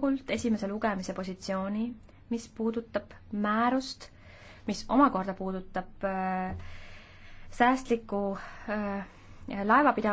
poolt esimese lugemise positsiooni, mis puudutab määrust, mis omakorda puudutab äh, säästlikku äh, laevapidamise